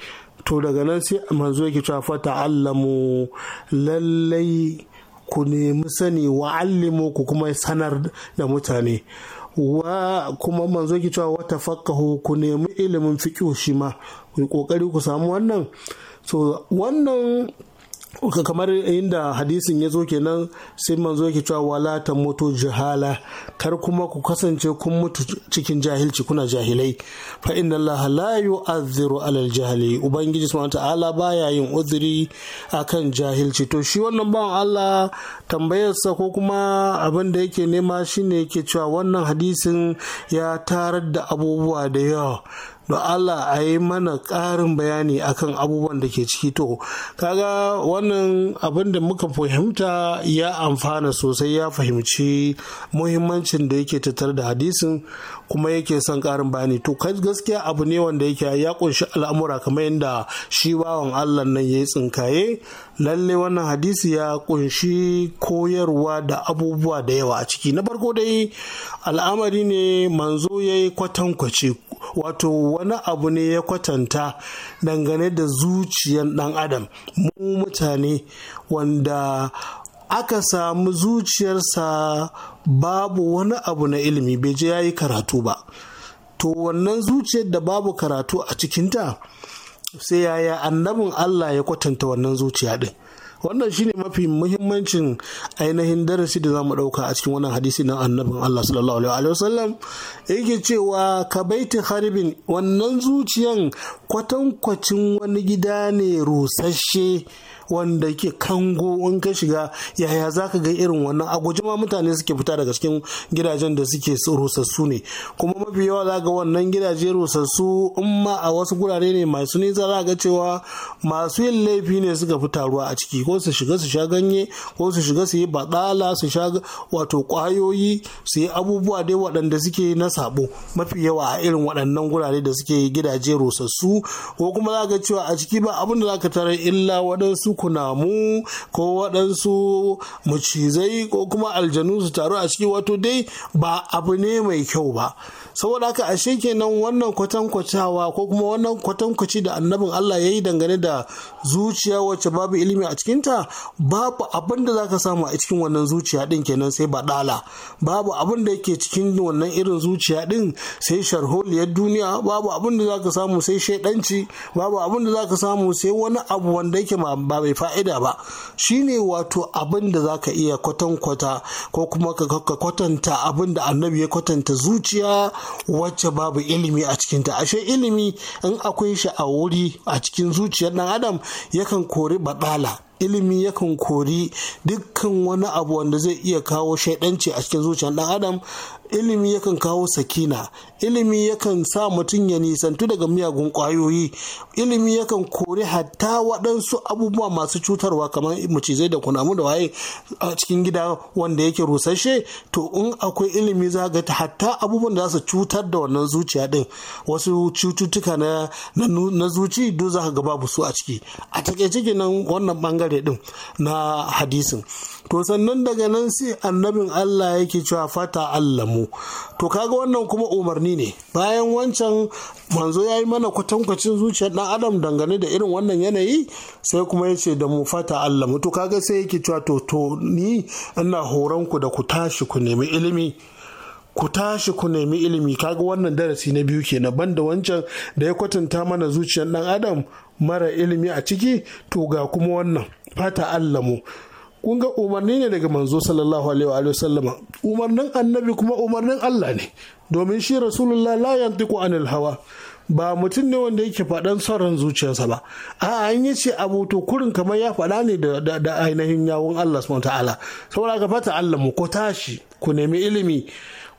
to daga nan sai manzo ki cewa fata allamu lallai ku nemi sani wa allimu ku kuma sanar da mutane wa kuma manzo ki cewa wata fakahu ku nemi ilimin fiƙo shi ma ku kokari ku samu wannan so wannan kamar inda hadisin ya zo kenan sai manzo yake cewa wala ta moto jihala kar kuma ku kasance kun mutu cikin jahilci kuna jahilai fa inna Allah la yu'azziru alal jahili ubangiji subhanahu ta'ala baya yin uzuri akan jahilci to shi wannan bawan Allah tambayarsa ko kuma abin da yake nema shine yake cewa wannan hadisin ya tarar da abubuwa da yawa don Allah a yi mana ƙarin bayani akan abubuwan da ke ciki to kaga wannan abin da muka fahimta ya amfana sosai ya fahimci muhimmancin da yake tattare da hadisin kuma yake son ƙarin bayani to gaskiya abu ne wanda yake ya kunshi al'amura kamar yadda shi bawan Allah nan ya yi tsinkaye lalle wannan hadisi ya kunshi koyarwa da abubuwa da yawa a ciki na farko dai al'amari ne manzo ya yi kwatankwace wato wani abu ne ya kwatanta dangane da zuciyar dan adam mu mutane wanda aka samu zuciyarsa babu wani abu na ilimi bai je ya yi karatu ba to wannan zuciyar da babu karatu a cikinta sai yaya annabin allah ya kwatanta wannan zuciya din wannan shine mafi muhimmancin ainihin darasi da za mu dauka a cikin wannan hadisi na annabin Allah sallallahu alaihi wasallam yake cewa ka baiti kharibin wannan zuciyan kwatankwacin wani gida ne rusasshe wanda ke kango in ka shiga yaya za ka ga irin wannan a guji ma mutane suke fita daga cikin gidajen da suke rusassu ne kuma mafi yawa za ga wannan gidaje rusassu in ma a wasu gurare ne masu nisa za ga cewa masu yin laifi ne suka fi taruwa a ciki ko su shiga su sha ganye ko su shiga su yi baɗala su sha wato kwayoyi su yi abubuwa dai waɗanda suke na sabo mafi yawa a irin waɗannan gurare da suke gidaje rusassu ko kuma za ga cewa a ciki ba abin da za ka tarar illa waɗansu kunamu ko waɗansu macizai ko kuma aljanu su taru a ciki wato dai ba abu ne mai kyau ba saboda haka ashe kenan wannan kwatankwacewa ko kuma wannan kwatankwaci da annabin Allah ya yi dangane da zuciya wacce babu ilimi a cikinta babu abin da zaka samu a cikin wannan zuciya din kenan sai ba dala babu abin da yake cikin wannan irin zuciya din sai sharholiyar duniya babu abin da zaka samu sai shaidanci babu abin da zaka samu sai wani abu wanda yake ba mai fa'ida ba shine wato abin da zaka iya kwatankwata ko kuma ka kwatanta abin da annabi ya kwatanta zuciya wacce babu ilimi a cikinta ashe ilimi in akwai shi a wuri a cikin zuciyar dan adam yakan kori baɗala ilimi yakan kori dukkan wani abu wanda zai iya kawo shaidanci a cikin zuciyar dan adam ilimi yakan kawo sakina ilimi yakan sa mutum ya nisantu daga miyagun kwayoyi ilimi yakan kori hatta waɗansu abubuwa masu cutarwa kamar macizai da kunamu da waye a cikin gida wanda yake rusashe to in akwai ilimi za ga hatta abubuwan da za su cutar da wannan zuciya din wasu cututtuka na, na, zuci duk za ka ga babu su a ciki a takaice kenan wannan bangare din na hadisin to sannan daga nan sai annabin Allah yake cewa fata Allah mu to kaga wannan kuma umarni ne bayan wancan manzo ya yi mana kwatankwacin zuciyar dan adam dangane da irin wannan yanayi sai kuma ya ce da mu fata Allah mu to kaga sai yake cewa to to ni ina horon ku da ku tashi ku nemi ilimi ku tashi ku nemi ilimi kaga wannan darasi na biyu kenan da wancan da ya kwatanta mana zuciyar dan adam mara ilimi a ciki to ga kuma wannan fata Allah mu kun ga umarni ne daga manzo sallallahu alaihi wa sallama umarnin annabi kuma umarnin Allah ne domin shi rasulullah la yantiqu anil hawa ba mutum ne wanda yake faɗan son zuciyarsa ba a an yi ce abu to kurin kamar ya faɗa ne da ainihin yawon Allah subhanahu ta'ala saboda ka fata Allah mu ku tashi ku nemi ilimi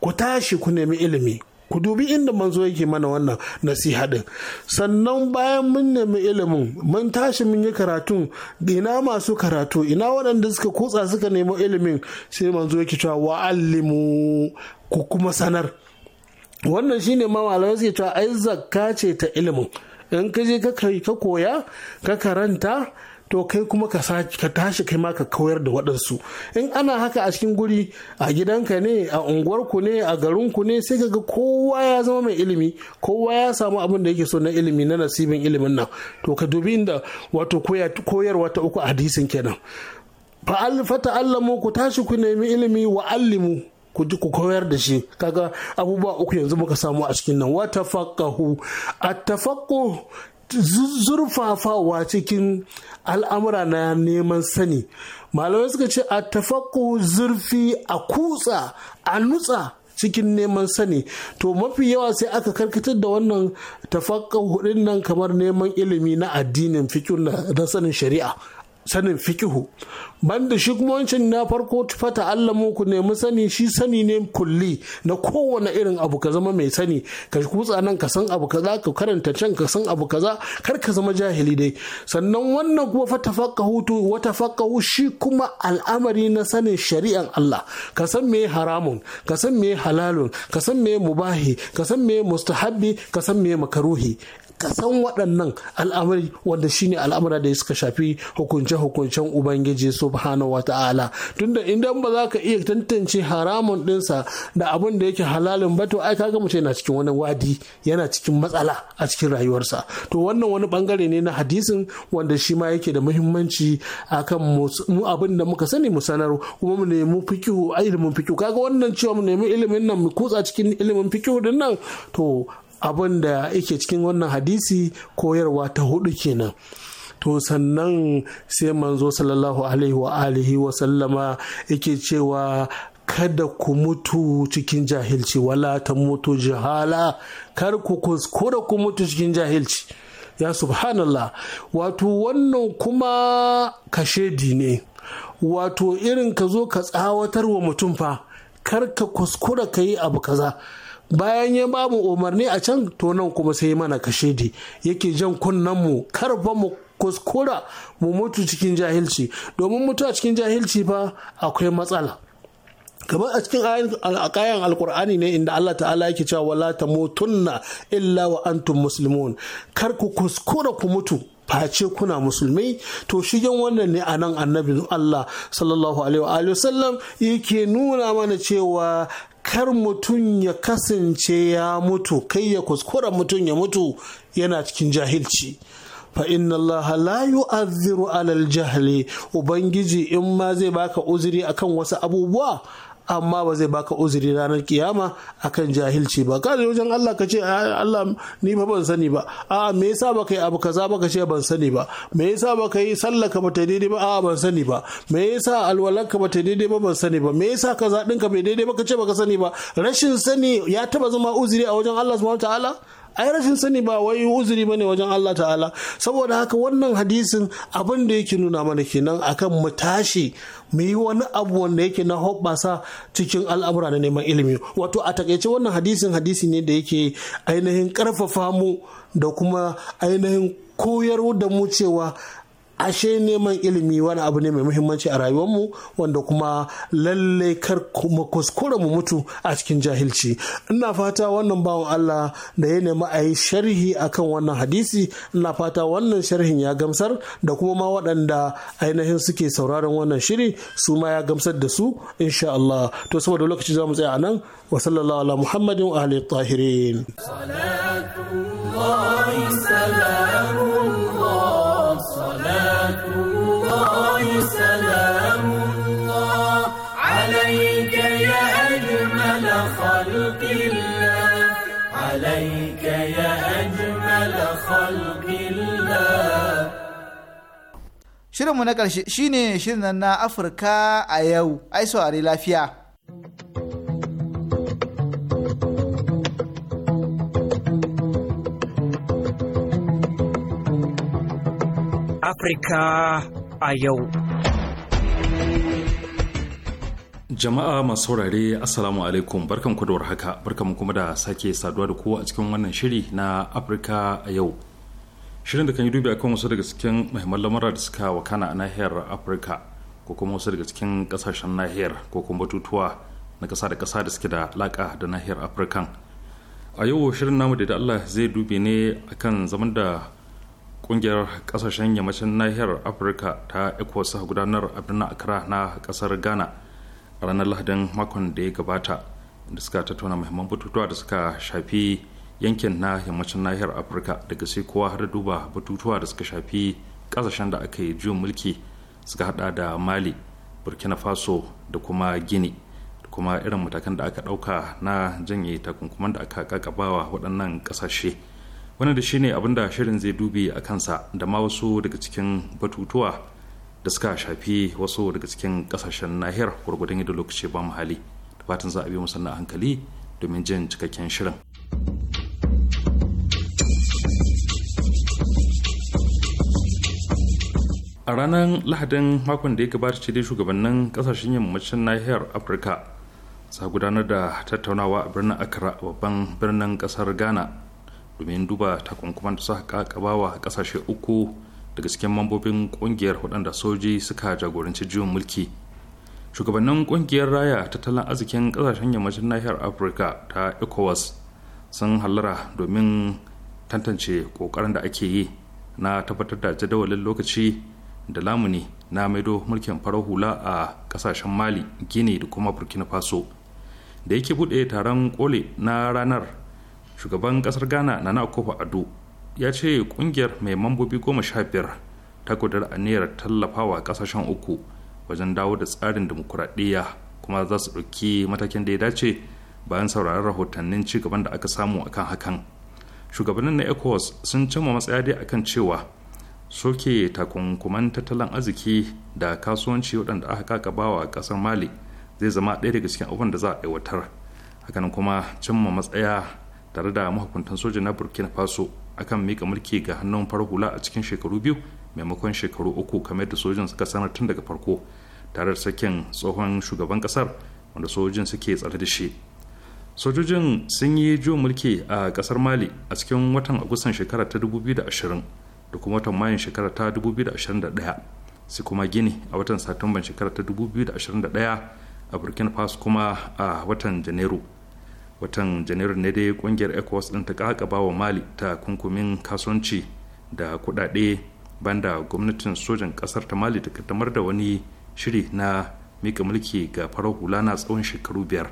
ku tashi ku nemi ilimi ku dubi inda manzo yake mana wannan nasiha din sannan bayan mun nemi ilimin mun tashi mun yi karatun ina masu karatu ina waɗanda suka kutsa suka nemi ilimin sai manzo yake cewa wa'allimu ku kuma sanar wannan shine ma malamai suke cewa ai zakka ce ta ilimin in ka je ka koya ka karanta to kai kuma ka tashi kai ma ka koyar da waɗansu in ana haka a cikin guri a gidanka ne a unguwarku ne a garinku ne sai ka ga kowa ya zama mai ilimi kowa ya samu abin da yake so na ilimi na nasibin ilimin nan to ka dubi inda wato koyarwa ta uku a hadisin kenan allamu ku tashi ku nemi ilimi wa allimu ku ji ku koyar da shi kaga abubuwa uku yanzu muka samu a cikin nan wata tafaqahu at zurfafawa cikin al'amura na neman sani malamai suka ce a tafaku zurfi a kutsa a nutsa cikin neman sani to mafi yawa sai aka karkatar da wannan tafakkan hudun nan kamar neman ilimi na addinin fikin na sanin shari'a sanin fikihu banda shi kuma wancan na farko ta Allah ku nemi sani shi sani ne kulli na kowane irin abu ka zama mai sani ka kutsa nan ka san abu kaza ka karanta can ka san abu kaza kar ka zama jahili dai sannan wannan kuma fa tafaqahu tu wa tafaqahu shi kuma al'amari na sanin shari'an Allah ka san me haramun ka san me halalun ka san me mubahi ka san me mustahabbi ka san me makaruhi ka san waɗannan al'amari wanda shine al'amura da suka shafi hukunce-hukuncen ubangiji subhanahu wa ta'ala tunda idan ba za ka iya tantance haramun ɗinsa da abin da yake halalin ba to ai kaga mutum yana cikin wani wadi yana cikin matsala a cikin rayuwarsa to wannan wani bangare ne na hadisin wanda shi ma yake da muhimmanci akan mu abin da muka sani mu sanar kuma mu nemi fikihu a ilimin fikihu kaga wannan cewa mu nemi ilimin nan mu kutsa cikin ilimin fikihu din nan to abin da yake cikin wannan hadisi koyarwa ta hudu kenan to sannan sai manzo sallallahu alaihi wa alihi wa sallama yake cewa kada ku mutu cikin jahilci wala ta mutu jihala kar ku kuskura ku mutu cikin jahilci ya subhanallah wato wannan kuma kashedi ne wato irin ka zo ka tsawatar wa mutum fa kar ka kuskura ka yi abu kaza bayan ya ba mu umarni a can to nan kuma sai mana kashedi yake jan kunnen mu karfa mu kuskura mu mutu cikin jahilci domin mutu a cikin jahilci fa akwai matsala kamar a cikin kayan alkur'ani ne inda Allah ta'ala yake cewa wala tamutunna illa wa antum muslimun kar ku kuskura ku mutu face kuna musulmai to shigen wannan ne a nan Allah sallallahu alaihi wa sallam yake nuna mana cewa kar mutum ya kasance ya mutu kai ya kuskura mutum ya mutu yana cikin jahilci fa inna allaha la yu'azziru alal jahli ubangiji in ma zai baka uzuri akan wasu abubuwa amma ba zai baka uzuri ranar kiyama akan jahilci ba ka wajen Allah ka ce Allah ni ba ban sani ba a me yasa baka yi abu kaza baka ce ban sani ba me yasa baka yi sallah ka bata daidai ba a ban sani ba me yasa alwalan ka bata daidai ba ban sani ba me yasa kaza din ka bai daidai ba ka ce baka sani ba rashin sani ya taba zama uzuri a wajen Allah subhanahu wataala ai rashin sani ba wai uzuri bane wajen Allah ta'ala saboda haka wannan hadisin abin da yake nuna mana kenan akan mu tashi mu yi wani abu wanda yake na hoɓɓasa cikin al'amura na neman ilimi wato a takaice wannan hadisin hadisi ne da yake ainihin karfafa mu da kuma ainihin koyar da mu cewa ashe neman ilimi wani abu ne mai muhimmanci a rayuwarmu wanda kuma lallai kar kuma kuskure mu mutu a cikin jahilci ina fata wannan bawan Allah da ya nemi a yi sharhi akan wannan hadisi ina fata wannan sharhin ya gamsar da kuma ma waɗanda ainihin suke sauraron wannan shiri su ma ya gamsar da su insha Allah to saboda lokaci za mu tsaya a nan wa sallallahu ala muhammadin wa alihi tahirin Shirinmu na ƙarshe shine shirin na Afirka a yau, ai saurari lafiya. Afirka a yau. Jama'a masu saurare Assalamu alaikum barkan ku haka, barkan kuma da sake saduwa da kowa a cikin wannan shiri na Afirka a yau. shirin da kan yi dubi akan wasu daga cikin muhimman lamura da suka wakana a nahiyar afirka ko kuma wasu daga cikin kasashen nahiyar ko kuma batutuwa na kasa da kasa da suke da alaka da nahiyar afirkan a yau shirin namu da allah zai dubi ne akan zaman da kungiyar kasashen yammacin nahiyar afirka ta ecowas gudanar a birnin accra na kasar ghana a ranar lahadin makon da ya gabata da suka tattauna muhimman batutuwa da suka shafi yankin na yammacin nahiyar afirka daga sai kowa har duba batutuwa da suka shafi kasashen da aka yi juyin mulki suka hada da mali burkina faso da kuma gini da kuma irin matakan da aka dauka na janye takunkuman da aka kakabawa waɗannan kasashe wani da shine abin da shirin zai dubi a kansa da ma wasu daga cikin batutuwa da suka shafi wasu daga cikin ƙasashen nahiyar gwargwadon yadda lokaci ba muhali da fatan za a bi musanna hankali domin jin cikakken shirin. a ranar lahadin makon da ya gabata ce dai shugabannin kasashen yammacin nahiyar afirka sa gudanar da tattaunawa a birnin accra babban birnin kasar ghana domin duba takunkuman da suka kakabawa kasashe uku daga cikin mambobin kungiyar waɗanda soji suka jagoranci juyin mulki shugabannin ƙungiyar raya tattalin arzikin kasashen yammacin nahiyar afirka ta ecowas sun hallara domin tantance ƙoƙarin da ake yi na tabbatar da jadawalin lokaci da lamuni na maido mulkin farar hula a kasashen mali gini da kuma burkina faso da yake buɗe taron kole na ranar shugaban kasar ghana na akufo ado ya ce ƙungiyar mai mambobi goma sha biyar ta a aniyar tallafawa kasashen uku wajen dawo da tsarin dimokuraɗiyya kuma za su ɗauki matakin da ya dace bayan sauraron rahotannin ci gaban da aka samu akan hakan shugabannin na ecowas sun cimma matsaya dai akan cewa soke takunkuman tattalin arziki da kasuwanci waɗanda aka kakaba wa ƙasar mali zai zama ɗaya daga cikin abubuwan da za a aiwatar hakan kuma cimma matsaya tare da mahukuntan soja na burkina faso akan mika mulki ga hannun farar hula a cikin shekaru biyu maimakon shekaru uku kamar da sojin suka sanar tun daga farko tare da sakin tsohon shugaban kasar wanda sojin suke tsare da shi sojojin sun yi juyin mulki a kasar mali a cikin watan agustan shekara ta 2020 da kuma watan mayun shekara ta 2021 sai kuma gini a watan satumban shekara ta 2021 a burkina faso kuma a watan janairu watan janairu ne dai kungiyar ecowas din ta kakaba wa mali ta kunkumin kasuwanci da kuɗaɗe banda gwamnatin sojan ƙasar ta mali ta kaddamar da wani shiri na mika mulki ga farar hula na tsawon shekaru biyar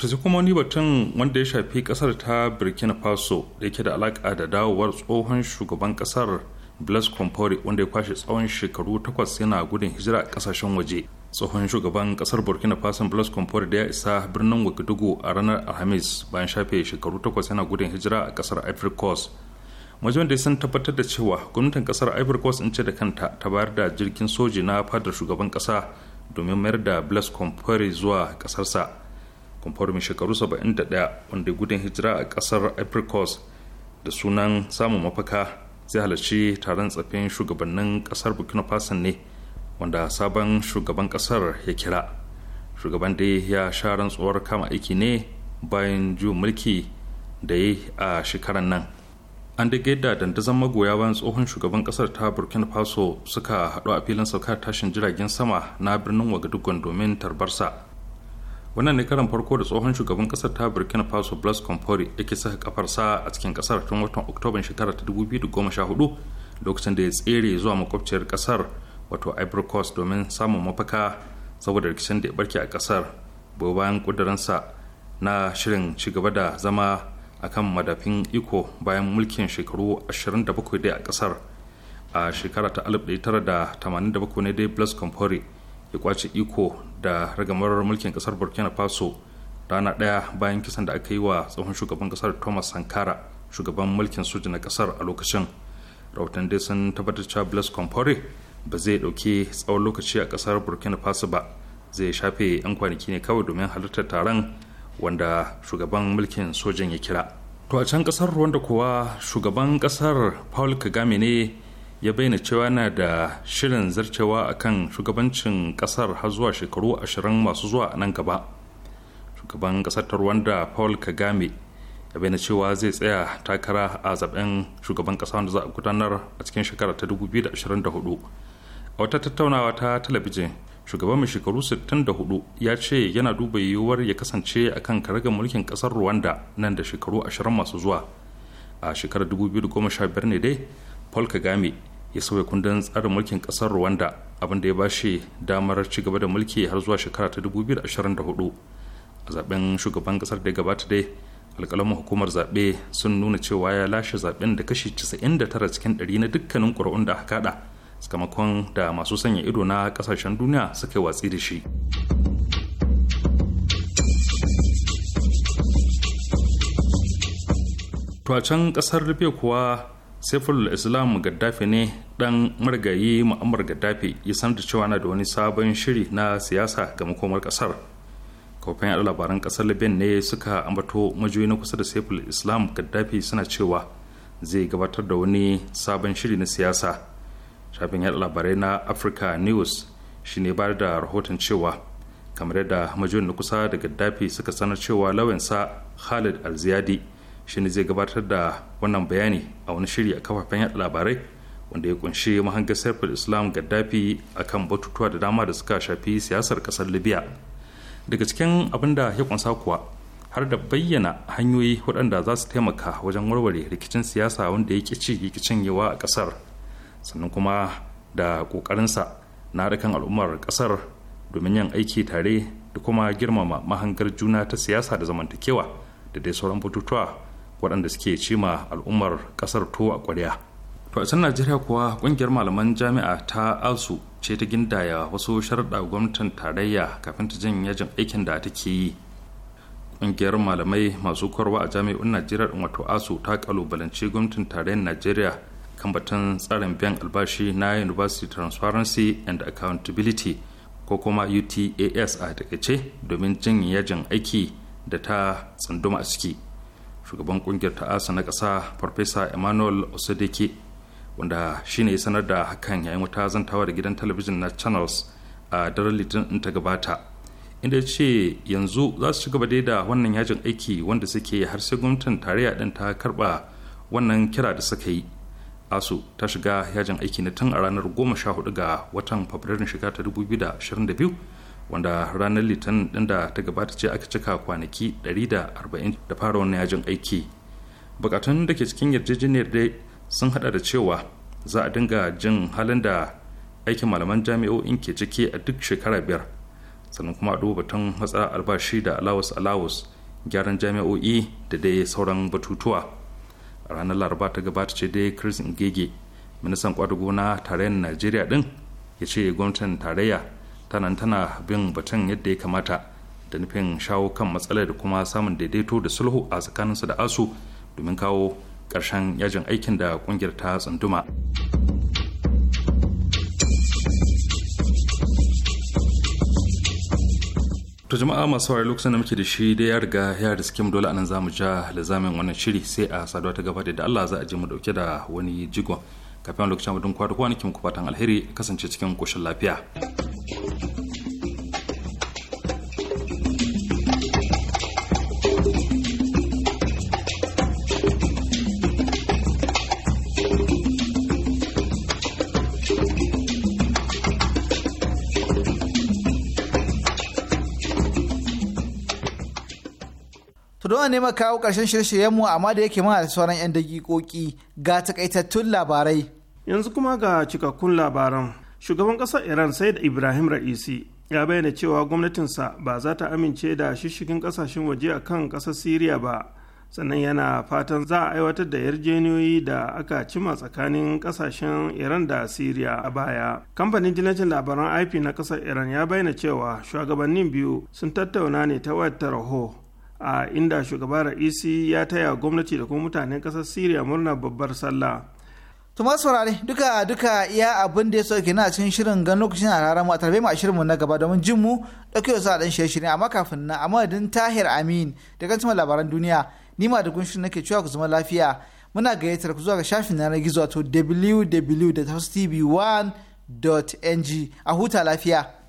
to kuma wani batun wanda ya shafi kasar ta burkina faso da yake da alaka da dawowar tsohon shugaban kasar blaise compaore wanda ya kwashe tsawon shekaru takwas yana gudun hijira a kasashen waje tsohon shugaban kasar burkina faso blaise compaore da ya isa birnin wagadugu a ranar alhamis bayan shafe shekaru takwas yana gudun hijira a kasar ivory coast wajen da san tabbatar da cewa gwamnatin kasar ivory coast in ce da kanta ta bayar da jirgin soji na fadar shugaban kasa domin mayar da blaise compaore zuwa kasarsa kumfar mai shekaru 71 wanda gudun hijira a kasar apricot da sunan samun mafaka zai halarci taron tsafin shugabannin kasar burkina faso ne wanda sabon shugaban kasar ya kira shugaban da ya sha rantsuwar kama aiki ne bayan juyin mulki da ya a shekaran nan an daga yadda dandazon magoya bayan tsohon shugaban kasar ta burkina faso suka haɗu a filin saukar tashin jiragen sama na birnin wagadugon domin tarbarsa wannan ne karan farko da tsohon shugaban kasar ta burkina faso blas ya yake saka kafarsa a cikin kasar tun watan oktoban shekara ta 2014 lokacin da ya tsere zuwa makwabciyar kasar wato ivory coast domin samun mafaka saboda rikicin da ya barke a kasar bai bayan kudurinsa na shirin shigaba da zama a kan madafin iko bayan mulkin shekaru 27 dai a kasar a shekara ta 1987 ne dai blas compori ya kwace iko da ragamar mulkin kasar burkina faso rana ɗaya bayan kisan da aka yi wa tsohon shugaban kasar thomas sankara shugaban mulkin soja na kasar a lokacin rahoton dai sun tabbatar cewa blaise compaore ba zai ɗauki tsawon lokaci a kasar burkina faso ba zai shafe 'yan kwanaki ne kawai domin halartar taron wanda shugaban mulkin sojan ya kira to a can kasar rwanda kuwa shugaban kasar paul kagame ne ya bayyana cewa yana da shirin zarcewa a kan shugabancin kasar har zuwa shekaru ashirin masu zuwa a nan gaba shugaban kasar ta rwanda paul kagame ya bayyana cewa zai tsaya takara a zaben shugaban kasa wanda za a gudanar a cikin shekara ta 2024 a wata tattaunawa ta talabijin shugaban mai shekaru 64 ya ce yana duba yiwuwar ya kasance a kan karagar mulkin kasar rwanda nan da shekaru ashirin masu zuwa a shekarar 2015 ne dai paul kagame ya sauya kundin tsarin mulkin kasar rwanda abin da ya ba shi damar ci gaba da mulki har zuwa shekara ta 2024 a zaben shugaban kasar da ya gabata dai alkalamin hukumar zaɓe sun nuna cewa ya lashe zaben da kashi 99 cikin 100 na dukkanin ƙuri'un da aka kada sakamakon da masu sanya ido na kasashen duniya suka yi watsi da shi to a can kasar rufe kuwa saiful islam gaddafi ne dan marigayi mu'ammar gaddafi ya sanar da cewa na da wani sabon shiri na siyasa ga makomar kasar kofin yadda labaran kasar libyan ne suka ambato majiyoyi na kusa da saiful islam gaddafi suna cewa zai gabatar da wani sabon shiri na siyasa shafin yadda labarai na africa news shine bayar da rahoton cewa kamar yadda majiyoyi na kusa da gaddafi suka sanar cewa lawansa khalid alziyadi shine zai gabatar da wannan bayani a wani shiri a kafafen yada labarai wanda ya kunshi mahangar saifar islam gaddafi kan batutuwa da dama da suka shafi siyasar kasar libya daga cikin abin da ya kunsa kuwa har da bayyana hanyoyi waɗanda za su taimaka wajen warware rikicin siyasa wanda ya ci rikicin yawa a ƙasar sannan kuma da ƙoƙarinsa na harkan al'ummar ƙasar domin yin aiki tare da kuma girmama mahangar juna ta siyasa da zamantakewa da dai sauran batutuwa waɗanda suke ma al'ummar ƙasar to a ƙwarya to a najeriya kuwa ƙungiyar malaman jami'a ta alsu ce ta gindaya wasu sharaɗa gwamnatin tarayya kafin ta jin yajin aikin da take yi ƙungiyar malamai masu korwa a jami'un najeriya wato asu ta ƙalubalanci gwamnatin tarayyar najeriya kan batun tsarin biyan albashi na university transparency and accountability ko kuma utas a takaice domin jin yajin aiki da ta tsunduma a ciki shugaban kungiyar ta asa na ƙasa farfesa emmanuel osadeke wanda shine ya sanar da hakan yayin wata zantawa da gidan talabijin na channels a daren litinin ta gabata inda ya ce yanzu za su ci gaba dai da wannan yajin aiki wanda suke har sai gwamnatin tarayya din ta karba wannan kira da suka yi asu ta shiga yajin aiki na tun a ranar hudu ga watan fabrairun shiga ta biyu. wanda ranar litinin din da ta gabata ce aka cika kwanaki 140 da fara wannan yajin aiki bukatun da ke cikin yarjejeniyar dai sun hada da cewa za a dinga jin halin da aikin malaman jami'o'in ke ciki a duk shekara biyar sannan kuma a duba batun matsa albashi da alawus alawus gyaran jami'o'i da dai sauran batutuwa ranar laraba ta gabata ce dai chris ngege ministan kwadago na tarayyar najeriya din ya ce gwamnatin tarayya tanan tana bin batun yadda ya kamata da nufin shawo kan matsalar da kuma samun daidaito da sulhu a tsakanin tsakaninsu da asu domin kawo ƙarshen yajin aikin da ƙungiyar ta tsunduma. To jama'a masu saurari lokacin da muke da shi dai ya riga ya da skim dole anan zamu ja da zamin wannan shiri sai a saduwa ta gaba da Allah za a je mu dauke da wani jigon. kafin lokacin mutum kwa da kowa fatan alheri kasance cikin koshin lafiya don ne kawo ƙarshen shirye-shiryenmu amma da yake mana da sauran 'yan dakikoki ga takaitattun labarai yanzu kuma ga cikakkun labaran shugaban ƙasar iran sai da ibrahim ra'isi ya bayyana cewa gwamnatinsa ba za ta amince da shishigin ƙasashen waje a kan ƙasar siriya ba sannan yana fatan za a aiwatar da yarjeniyoyi da aka cima tsakanin ƙasashen iran da siriya a baya kamfanin jinajin labaran ip na ƙasar iran ya bayyana cewa shugabannin biyu sun tattauna ne ta wayar raho a inda shugaba ra'isi ya taya gwamnati da kuma mutanen ƙasar siriya murnar babbar sallah To masu duka duka ya abin da ya so na cikin shirin gan lokacin a rara mu a tarbe mu a shirin mu na gaba domin jin mu dauke wasu dan shirye shirye amma kafin na amma din Tahir Amin da kan cimma labaran duniya ni ma da gunshin nake cewa ku zama lafiya muna gayyatar ku zuwa ga shafin na gizo to www.tv1.ng a huta lafiya.